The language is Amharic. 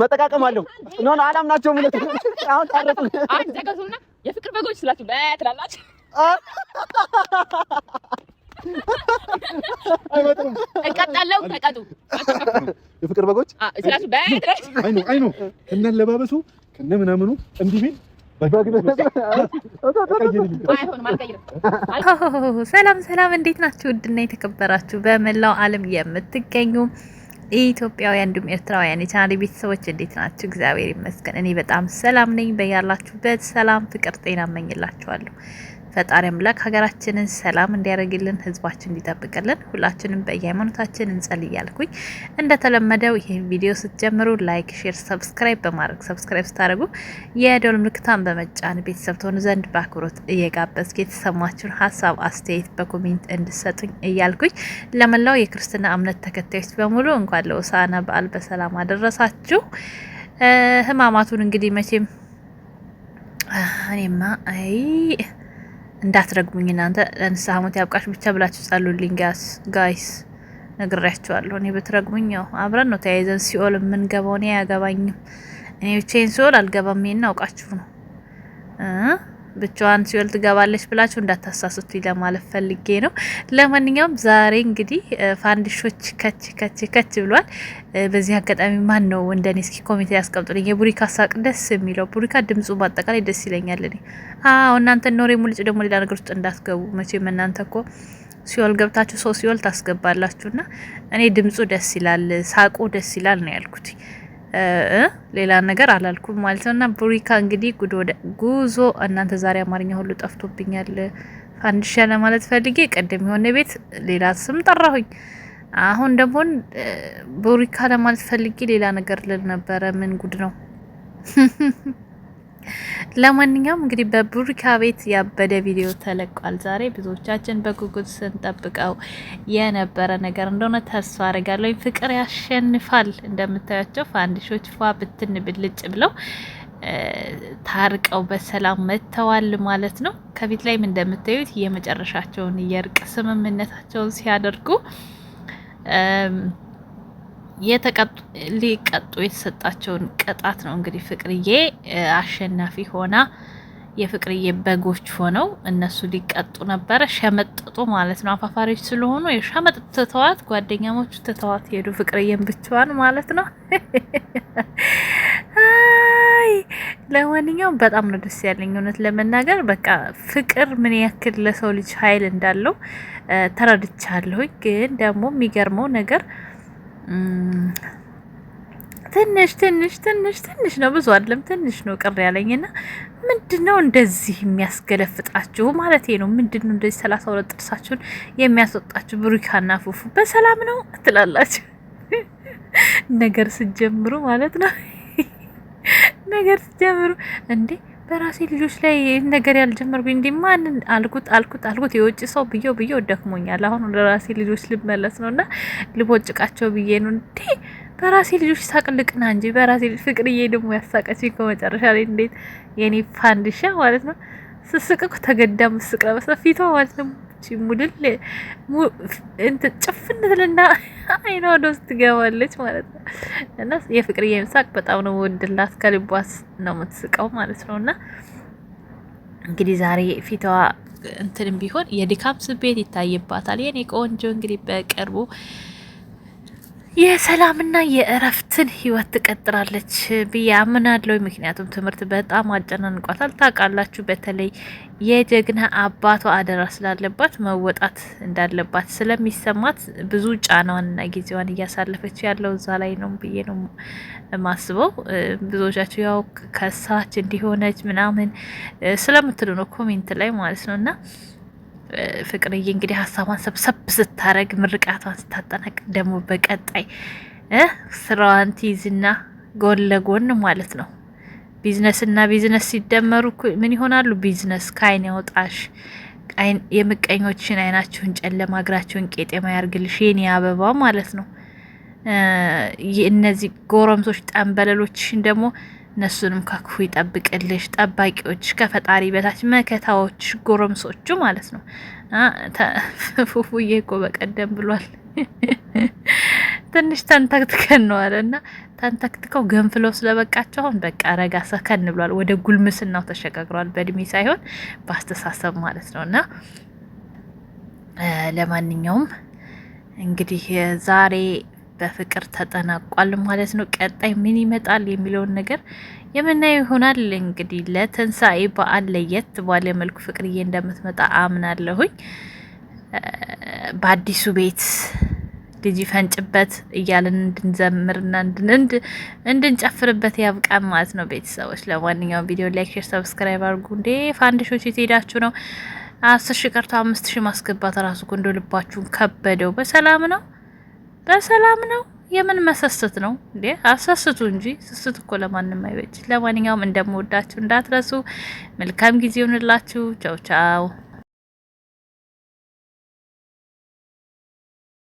መጠቃቀም አለው። ኖ ኖ አላምናቸውም። አሁን ታረቁ። የፍቅር በጎች ስላችሁ በትላላችሁ እቀጣለሁ። ተቀጡ። የፍቅር በጎች ስላችሁ በትላላችሁ። አይ ነው አይ ነው ከነ አለባበሱ ከነ ምናምኑ እንዲህ ቢል ሰላም ሰላም፣ እንዴት ናችሁ? ውድና የተከበራችሁ በመላው ዓለም የምትገኙ ኢትዮጵያውያን እንዲሁም ኤርትራውያን የቻናሌ ቤተሰቦች እንዴት ናችሁ? እግዚአብሔር ይመስገን እኔ በጣም ሰላም ነኝ። በያላችሁበት ሰላም፣ ፍቅር፣ ጤና እመኝላችኋለሁ። ፈጣሪ አምላክ ሀገራችንን ሰላም እንዲያደርግልን፣ ህዝባችን እንዲጠብቅልን ሁላችንም በየሃይማኖታችን እንጸልያልኩኝ። እንደተለመደው ይህን ቪዲዮ ስትጀምሩ ላይክ፣ ሼር፣ ሰብስክራይብ በማድረግ ሰብስክራይብ ስታደርጉ የደወል ምልክታን በመጫን ቤተሰብ ትሆኑ ዘንድ በአክብሮት እየጋበዝኩ የተሰማችሁን ሀሳብ አስተያየት በኮሜንት እንድሰጡኝ እያልኩኝ ለመላው የክርስትና እምነት ተከታዮች በሙሉ እንኳን ለሆሳዕና በዓል በሰላም አደረሳችሁ። ህማማቱን እንግዲህ መቼም እኔማ አይ እንዳትረግሙኝ እናንተ ለንስሐ ሞት ያብቃሽ ብቻ ብላችሁ ጸሉልኝ ጋይስ ነግሬያችኋለሁ። እኔ ብትረግሙኝ ያው አብረን ነው ተያይዘን ሲኦል የምንገባው። እኔ አያገባኝም። እኔ ብቻዬን ሲኦል አልገባም። ይሄን አውቃችሁ ነው። ብቻዋን ሲኦል ትገባለች ብላችሁ እንዳታሳስቱኝ ለማለት ፈልጌ ነው። ለማንኛውም ዛሬ እንግዲህ ፋንዲሾች ከች ከች ከች ብሏል። በዚህ አጋጣሚ ማን ነው እንደኔ እስኪ ኮሚቴ ያስቀምጡልኝ። የቡሪካ ሳቅ ደስ የሚለው ቡሪካ ድምፁ በአጠቃላይ ደስ ይለኛል። እኔ አዎ እናንተ ኖሬ ሙልጭ ደግሞ ሌላ ነገር ውስጥ እንዳትገቡ። መቼም እናንተ እኮ ሲኦል ገብታችሁ ሰው ሲኦል ታስገባላችሁና እኔ ድምፁ ደስ ይላል፣ ሳቁ ደስ ይላል ነው ያልኩት። ሌላ ነገር አላልኩም ማለት ነው። እና ቡሪካ እንግዲህ ጉዞ እናንተ ዛሬ አማርኛ ሁሉ ጠፍቶብኛል። ፋንድሻ ለማለት ፈልጌ ቀደም የሆነ ቤት ሌላ ስም ጠራሁኝ። አሁን ደግሞ ቡሪካ ለማለት ፈልጌ ሌላ ነገር ልል ነበረ። ምን ጉድ ነው! ለማንኛውም እንግዲህ በቡሪካ ቤት ያበደ ቪዲዮ ተለቋል ዛሬ። ብዙዎቻችን በጉጉት ስንጠብቀው የነበረ ነገር እንደሆነ ተስፋ አደርጋለሁ። ፍቅር ያሸንፋል። እንደምታያቸው ፋንዲሾች ፏ ብትን ብልጭ ብለው ታርቀው በሰላም መጥተዋል ማለት ነው። ከፊት ላይም እንደምታዩት የመጨረሻቸውን የእርቅ ስምምነታቸውን ሲያደርጉ ሊቀጡ የተሰጣቸውን ቅጣት ነው እንግዲህ ፍቅርዬ አሸናፊ ሆና የፍቅርዬ በጎች ሆነው እነሱ ሊቀጡ ነበረ። ሸመጠጡ ማለት ነው። አፋፋሪዎች ስለሆኑ የሸመጥ ትተዋት ጓደኛሞቹ ትተዋት ሄዱ። ፍቅርዬን ብቻዋን ማለት ነው። አይ ለማንኛውም በጣም ነው ደስ ያለኝ እውነት ለመናገር በቃ ፍቅር ምን ያክል ለሰው ልጅ ኃይል እንዳለው ተረድቻለሁኝ። ግን ደግሞ የሚገርመው ነገር ትንሽ ትንሽ ትንሽ ትንሽ ነው፣ ብዙ አይደለም፣ ትንሽ ነው ቅር ያለኝና ምንድነው እንደዚህ የሚያስገለፍጣችሁ ማለት ነው? ምንድነው እንደዚህ ሰላሳ ሁለት ጥርሳችሁን የሚያስወጣችሁ? ብሩካና ፉፉ በሰላም ነው ትላላችሁ ነገር ስጀምሩ ማለት ነው ነገር ስጀምሩ እንዴ በራሴ ልጆች ላይ ይህን ነገር ያልጀመር ብ እንዲ ማንን አልኩት አልኩት አልኩት የውጭ ሰው ብዬው ብዬው ደክሞኛል። አሁን ለራሴ ልጆች ልመለስ ነው እና ልቦጭቃቸው ብዬ ነው እንዴ በራሴ ልጆች ሳቅልቅና እንጂ በራሴ ልጅ ፍቅርዬ ደግሞ ያሳቀችኝ ከመጨረሻ ላይ እንዴት የኔ ፋንድሻ ማለት ነው ስስቅ እኮ ተገዳ ምስቅ ለመስለ ፊቷ ማለት ነው ሙድል ጭፍን ትልና አይኗ ወደ ውስጥ ትገባለች ማለት ነው። እና የፍቅርዬ ሳቅ በጣም ነው ወድላት፣ ከልቧስ ነው የምትስቀው ማለት ነው። እና እንግዲህ ዛሬ ፊቷ እንትንም ቢሆን የድካም ስሜት ይታይባታል። የኔ ቆንጆ እንግዲህ በቅርቡ የሰላምና የእረፍትን ህይወት ትቀጥላለች ብዬ አምናለሁ። ምክንያቱም ትምህርት በጣም አጨናንቋታል። ታውቃላችሁ፣ በተለይ የጀግና አባቷ አደራ ስላለባት መወጣት እንዳለባት ስለሚሰማት ብዙ ጫናዋንና ጊዜዋን እያሳለፈች ያለው እዛ ላይ ነው ብዬ ነው ማስበው። ብዙዎቻችሁ ያው ከሳች እንዲሆነች ምናምን ስለምትሉ ነው ኮሜንት ላይ ማለት ነው እና ፍቅርዬ እንግዲህ ሀሳቧን ሰብሰብ ስታረግ ምርቃቷን ስታጠናቅ ደግሞ በቀጣይ ስራዋን ትይዝና ጎን ለጎን ማለት ነው ቢዝነስ ቢዝነስና ቢዝነስ ሲደመሩ ምን ይሆናሉ? ቢዝነስ ከአይን ያወጣሽ የምቀኞችን አይናቸውን ጨለማ እግራቸውን ቄጤማ ያርግልሽ የኔ አበባ ማለት ነው። እነዚህ ጎረምሶች ጠንበለሎችሽን ደግሞ እነሱንም ከክፉ ይጠብቅልሽ። ጠባቂዎች ከፈጣሪ በታች መከታዎች፣ ጎረምሶቹ ማለት ነው። ፉፉዬ እኮ በቀደም ብሏል ትንሽ ተንተክትከን ነው አለ እና ተንተክትከው ገንፍለው ስለበቃቸው አሁን በቃ ረጋ ሰከን ብሏል። ወደ ጉልምስናው ተሸጋግሯል። በእድሜ ሳይሆን በአስተሳሰብ ማለት ነው። እና ለማንኛውም እንግዲህ ዛሬ በፍቅር ተጠናቋል ማለት ነው። ቀጣይ ምን ይመጣል የሚለውን ነገር የምናየው ይሆናል። እንግዲህ ለትንሳኤ በዓል ለየት ባለ መልኩ ፍቅርዬ እንደምትመጣ አምናለሁኝ። በአዲሱ ቤት ልጅ ፈንጭበት እያለን እንድንዘምርና እንድንጨፍርበት ያብቃን ማለት ነው። ቤተሰቦች ለማንኛውም ቪዲዮ ላይክ፣ ሼር፣ ሰብስክራይብ አድርጉ። እንዴ ፋንድሾች የተሄዳችሁ ነው። አስር ሺ ቀርቶ አምስት ሺ ማስገባት ራሱ ጎንዶ ልባችሁን ከበደው። በሰላም ነው። በሰላም ነው። የምን መሰስት ነው እንዴ? አሰስቱ እንጂ ስስት እኮ ለማንም አይበጅ። ለማንኛውም እንደምወዳችሁ እንዳትረሱ። መልካም ጊዜ ይሁንላችሁ። ቻው ቻው።